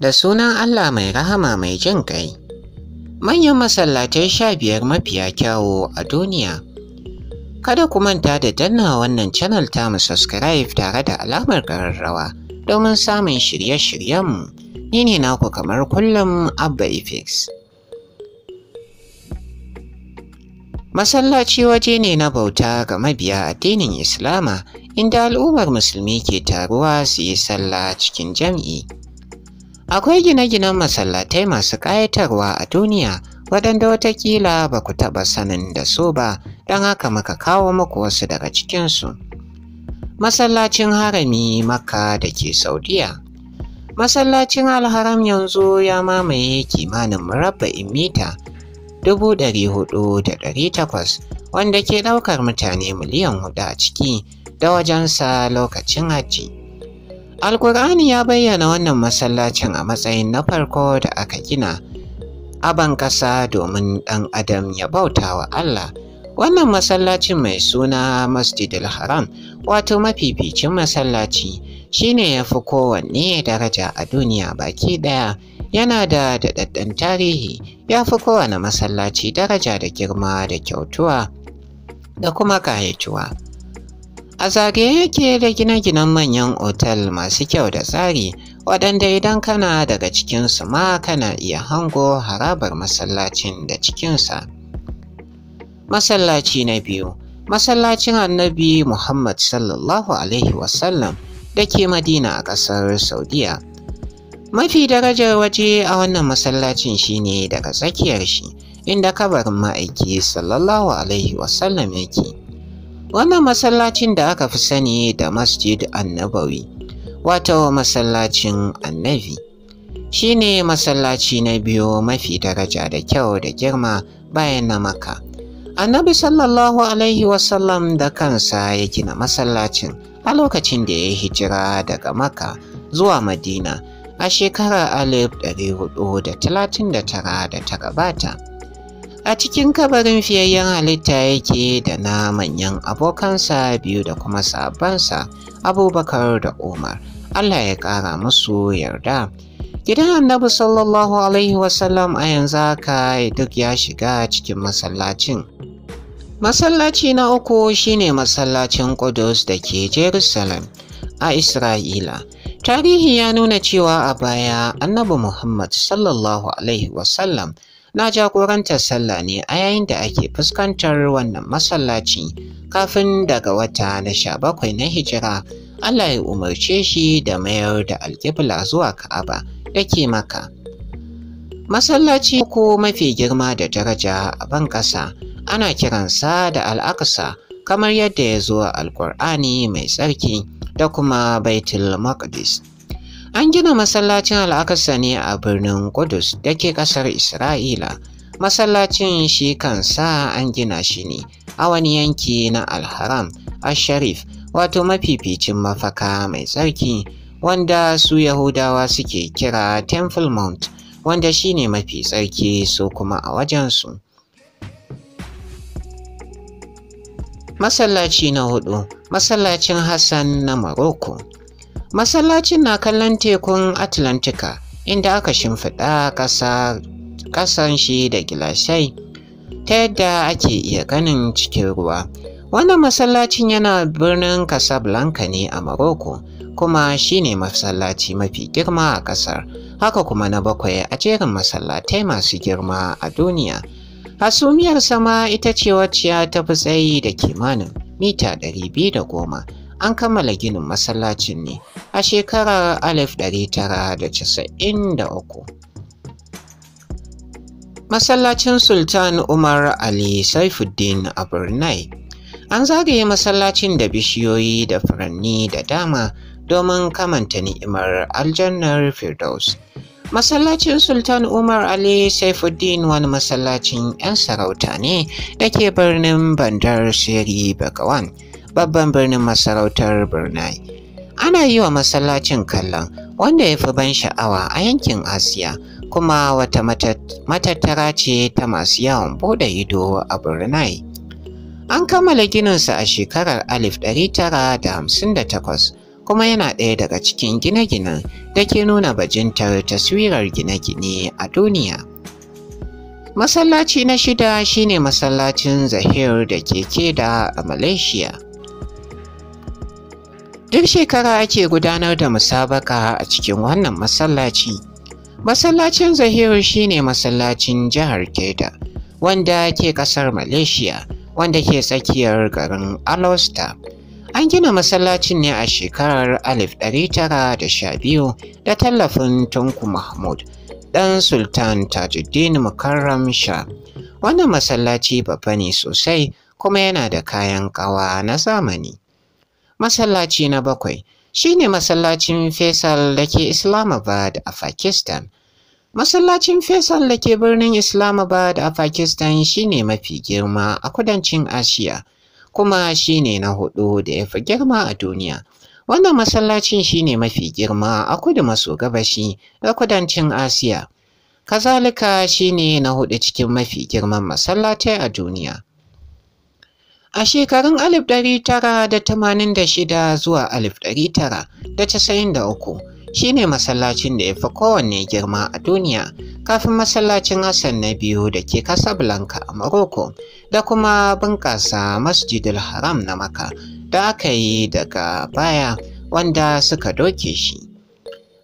da sunan Allah mai rahama mai jin kai Manyan masallatai sha biyar mafiya kyawo a duniya. Kada ku manta da danna wannan channel mu subscribe tare da alamar kararrawa domin samun shirye shiryen Ni ne naku kamar kullum Abba Ifix. Masallaci waje ne na bauta ga mabiya addinin Islama inda al'ummar musulmi ke taruwa su yi sallah cikin jam'i. Akwai gine-ginen masallatai masu ƙayatarwa a duniya waɗanda watakila ba ku taɓa sanin da su ba don haka muka kawo muku wasu daga cikinsu. Masallacin harami Makka da ke Saudiya Masallacin alharam yanzu ya mamaye kimanin murabba'in mita 400,800 wanda ke ɗaukar mutane miliyan hudu a ciki da wajensa lokacin hajji. Alkur'ani ya bayyana wannan masallacin a matsayin na farko da aka gina aban ƙasa domin ɗan adam ya bauta wa Allah. Wannan masallacin mai suna Masjidil Haram wato mafificin masallaci shine ya fi kowanne daraja a duniya baki ɗaya yana da daɗaɗɗen tarihi ya fi kowane masallaci daraja da girma da kyautuwa da kuma kayatuwa. A zagaye yake da gine-ginen manyan otal masu kyau da tsari waɗanda idan kana daga cikinsu ma kana iya hango harabar masallacin da cikinsa. Masallaci na biyu Masallacin annabi Muhammad sallallahu Alaihi wasallam da ke Madina a ƙasar Saudiya. Mafi darajar waje a wannan masallacin shine daga tsakiyar shi inda kabarin ma'aiki sallallahu Alaihi wasallam yake. Wannan masallacin da aka fi sani da Masjid Annabawi, wato masallacin Annabi, shi ne masallaci na biyu mafi daraja da kyau da girma bayan na maka. Annabi sallallahu Alaihi wasallam da kansa ya gina masallacin a lokacin da ya hijira daga Makka zuwa Madina a shekarar 1439 da ta gabata. a cikin kabarin fiyayyen halitta yake da na manyan abokansa biyu da kuma sabansa abubakar da umar allah ya ƙara musu yarda gidan annabi sallallahu alaihi wasallam a yanzu haka duk ya shiga cikin masallacin masallaci na uku shine masallacin kudus da ke jerusalem a isra'ila tarihi ya nuna cewa a baya annabi muhammad sallallahu alaihi wasallam na jagorantar sallah ne a yayin da ake fuskantar wannan masallaci kafin daga wata na sha bakwai na hijira Allah ya umarce shi da mayar da alkibla zuwa Ka'aba yake maka. Masallaci ko mafi girma da daraja a ban ƙasa ana kiransa da al'aksa kamar yadda ya zo a Alƙur'ani mai tsarki da kuma Baitul Maqdis. An gina masallacin al'akasa ne a birnin Kudus da ke ƙasar Isra'ila. Masallacin shi sa an gina shi ne a wani yanki na Alharam, Asharif, wato mafificin mafaka mai tsarki wanda su Yahudawa suke kira Temple Mount, wanda shi ne mafi tsarki su kuma a wajensu. Masallaci na hudu, masallacin Hassan na Morocco. Masallacin na kallon tekun Atlantika inda aka shimfiɗa ƙasan shi da gilashai, ta yadda ake iya ganin cikin ruwa. Wannan masallacin yana birnin Casablanca ne a Morocco kuma shine masallaci mafi girma a ƙasar, haka kuma na bakwai a jerin masallatai masu girma a duniya. Hasumiyar sama ita ce wacce ta fi tsayi da kimanin mita 210 an kammala ginin masallacin ne a shekarar 1993. Masallacin Sultan Umar Ali Saifuddin a Brunei. An zagaye masallacin da bishiyoyi da furanni da dama domin kamanta ni'imar aljannar Firdaus. Masallacin Sultan Umar Ali Saifuddin wani masallacin 'yan sarauta ne da ke birnin Bandar Seri Bagawan. babban birnin masarautar Brunei. Ana yi wa masallacin kallon wanda ya fi ban sha'awa a yankin Asiya kuma wata matattara ce ta masu yawon bude ido a Brunei. An kammala gininsa a shekarar 1958 kuma yana ɗaya daga cikin gine-ginen da ke nuna bajintar taswirar gine-gine a duniya. Masallaci na shida shine masallacin Zahir da ke Keda a Malaysia. Duk shekara ake gudanar da musabaka a cikin wannan masallaci. Masallacin Zahiru shine masallacin jihar Keda, wanda ke kasar Malaysia, wanda ke tsakiyar garin Alosta. An gina masallacin ne a shekarar 1912 da tallafin Tunku Mahmud, ɗan Sultan Tajuddin Mukarram sha Wannan masallaci babba ne sosai kuma yana da kayan ƙawa na zamani. masallaci na bakwai shine masallacin Faisal da ke Islamabad a Pakistan. Masallacin Faisal da ke birnin Islamabad a Pakistan shine mafi girma a kudancin Asiya, kuma shine na hudu da ya fi girma a duniya. Wannan masallacin shine mafi girma a kudu maso gabashi da kudancin Asiya. Kazalika shine na hudu cikin mafi girman masallatai a duniya. A shekarun 1986 zuwa 1993 shi ne masallacin da ya fi kowanne girma a duniya kafin masallacin Hassan na biyu da ke Casablanca a Morocco da kuma bunƙasa Masjidul Haram na Maka da aka yi daga baya wanda suka doke shi.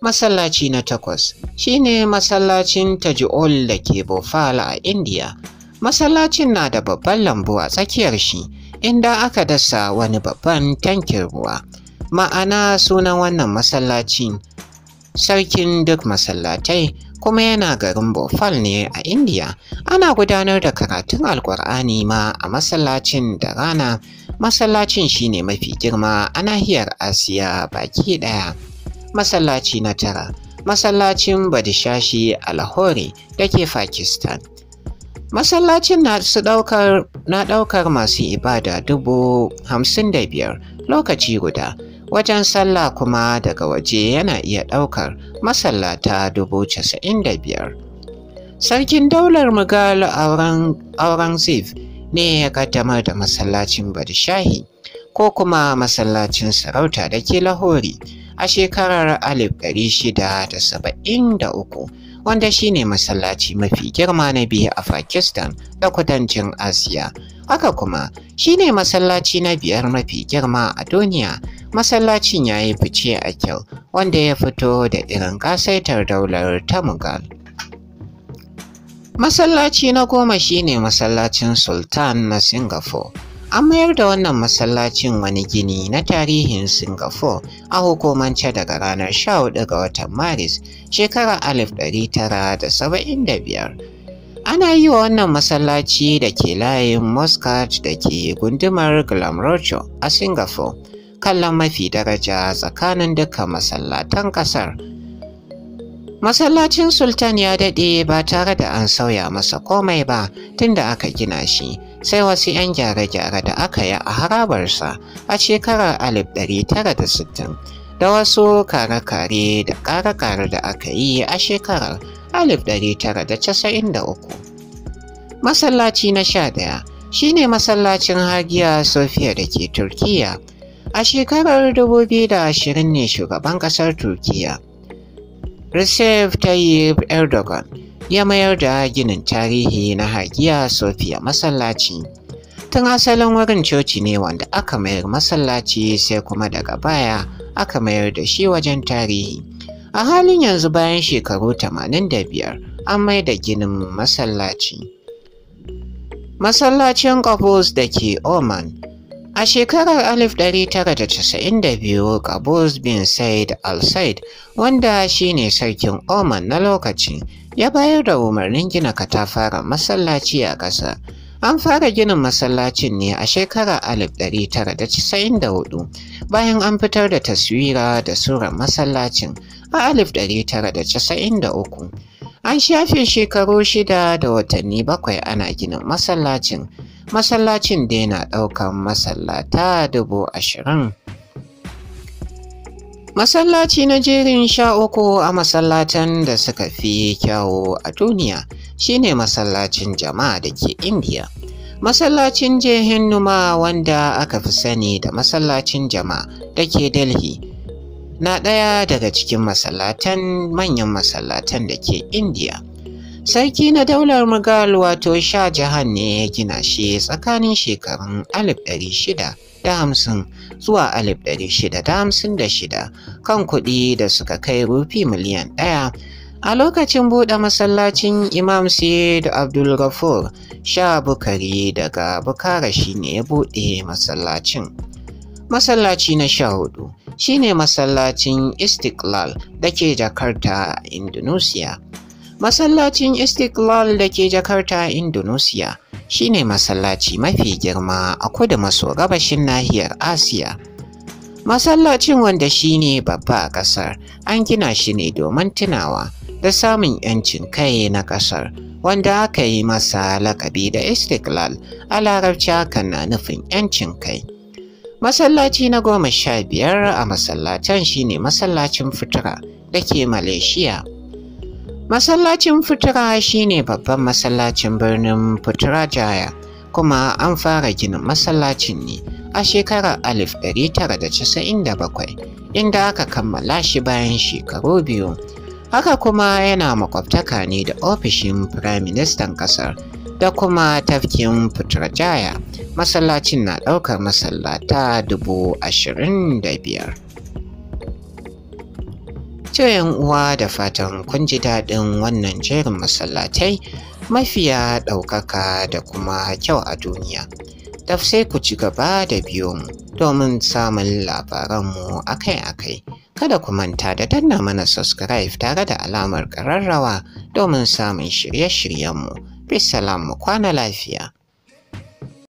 Masallaci na takwas shi ne masallacin Taji'ol da ke Bofala a India. Masallacin na da babban lambu a tsakiyar shi. inda aka dasa wani babban tankin ruwa ma'ana sunan wannan masallacin, sarkin duk masallatai kuma yana garin Bofal ne a indiya ana gudanar da karatun alkur'ani ma a masallacin da rana masallacin shine mafi girma a nahiyar Asiya baki ɗaya masallaci na tara masallacin Badishashi a Lahore da ke Pakistan Masallacin na ɗaukar masu ibada dubu hamsin da biyar lokaci guda. Wajen sallah kuma daga waje yana iya ɗaukar masallata dubu casa'in da biyar. Sarkin daular Mughal Aurangzeb ne ya kaddamar da masallacin Badishahi ko kuma masallacin sarauta da ke Lahori a shekarar uku. wanda shine masallaci mafi girma na biyu a Pakistan da kudancin Asiya. Haka kuma shine masallaci na biyar mafi girma a duniya. Masallacin ya yi fice a kyau wanda ya fito da irin kasaitar daular ta Masallaci na goma shine masallacin Sultan na Singapore. An mayar da wannan masallacin wani gini na tarihin Singapore a hukumance daga ranar 14 ga watan Maris shekarar 1975. Ana yi wa wannan masallaci da ke layin Muscat da ke gundumar Glamrocho a Singapore kallon mafi daraja tsakanin duka masallatan ƙasar. Masallacin Sultan ya daɗe ba tare da an sauya masa komai ba tunda aka gina shi sai wasu 'yan gyare-gyare da aka yi a harabarsa a shekarar 1960 da wasu kare-kare da kare-kare da aka yi a shekarar 1993. Masallaci na sha ɗaya shi ne masallacin Hagiya Sofiya da ke Turkiyya. A shekarar 2020 ne shugaban ƙasar Turkiyya. Recep Tayyip Erdogan ya mayar da ginin tarihi na Hagia Sophia masallaci. Tun asalin wurin coci ne wanda aka mayar masallaci sai kuma daga baya aka mayar da shi wajen tarihi. A halin yanzu bayan shekaru 85 an mai da ginin masallaci. Masallacin Qaboos da ke Oman A shekarar 1992, Qaboos bin Said al-Said, wanda shine sarkin Oman na lokaci, ya bayar da umarnin gina katafaren masallaci a ƙasa. An fara ginin masallacin ne a shekarar 1994 bayan an fitar da taswira da surar masallacin a 1993. An shafe shekaru shida da watanni bakwai ana ginin masallacin. masallacin da yana ɗaukan masallata dubu ashirin. Masallaci na jerin sha uku a masallatan da suka fi kyawo a duniya shine masallacin jama'a da ke Indiya. Masallacin jehen numa wanda aka fi sani da masallacin jama'a da ke Delhi na ɗaya daga cikin masallatan manyan masallatan da ke Indiya. Sarki na daular Mughal wato sha Jahan ne ya gina shi tsakanin shekarun 1650 zuwa 1656 kan kuɗi da suka kai rufi miliyan ɗaya. A lokacin buɗe masallacin Imam Sayyid Abdul Ghafur, Shah Bukari daga Bukara shi ne ya buɗe masallacin. Masallaci na sha hudu shi ne masallacin Istiklal da ke Jakarta, Indonesia. Masallacin Istiklal da ke Jakarta, Indonesia ne masallaci mafi girma a kudu maso gabashin nahiyar Asiya. Masallacin wanda shi ne babba a ƙasar an gina shi ne domin tunawa da samun 'yancin kai na ƙasar wanda aka yi masa lakabi da Istiklal a larabci hakan na nufin 'yancin kai. Masallaci na goma sha biyar a masallacin shi ne masallacin fitira da ke Malaysia. Masallacin Futura shine babban masallacin birnin Futura Jaya, kuma an fara ginin masallacin ne a shekarar 1997 inda aka kammala shi bayan shekaru biyu. Haka kuma yana makwabtaka ne da ofishin Firaministan ƙasar da kuma tafkin Futura Jaya. Masallacin na ɗaukar masallata dubu ashirin da biyar. To uwa da fatan kun ji daɗin wannan jerin masallatai mafiya ɗaukaka da kuma kyau a duniya. Taf sai ku ci gaba da biyo mu domin samun labaranmu akai-akai. Kada ku manta da danna mana subscribe tare da alamar ƙararrawa domin samun shirye-shiryenmu. bisalamu mu kwana lafiya.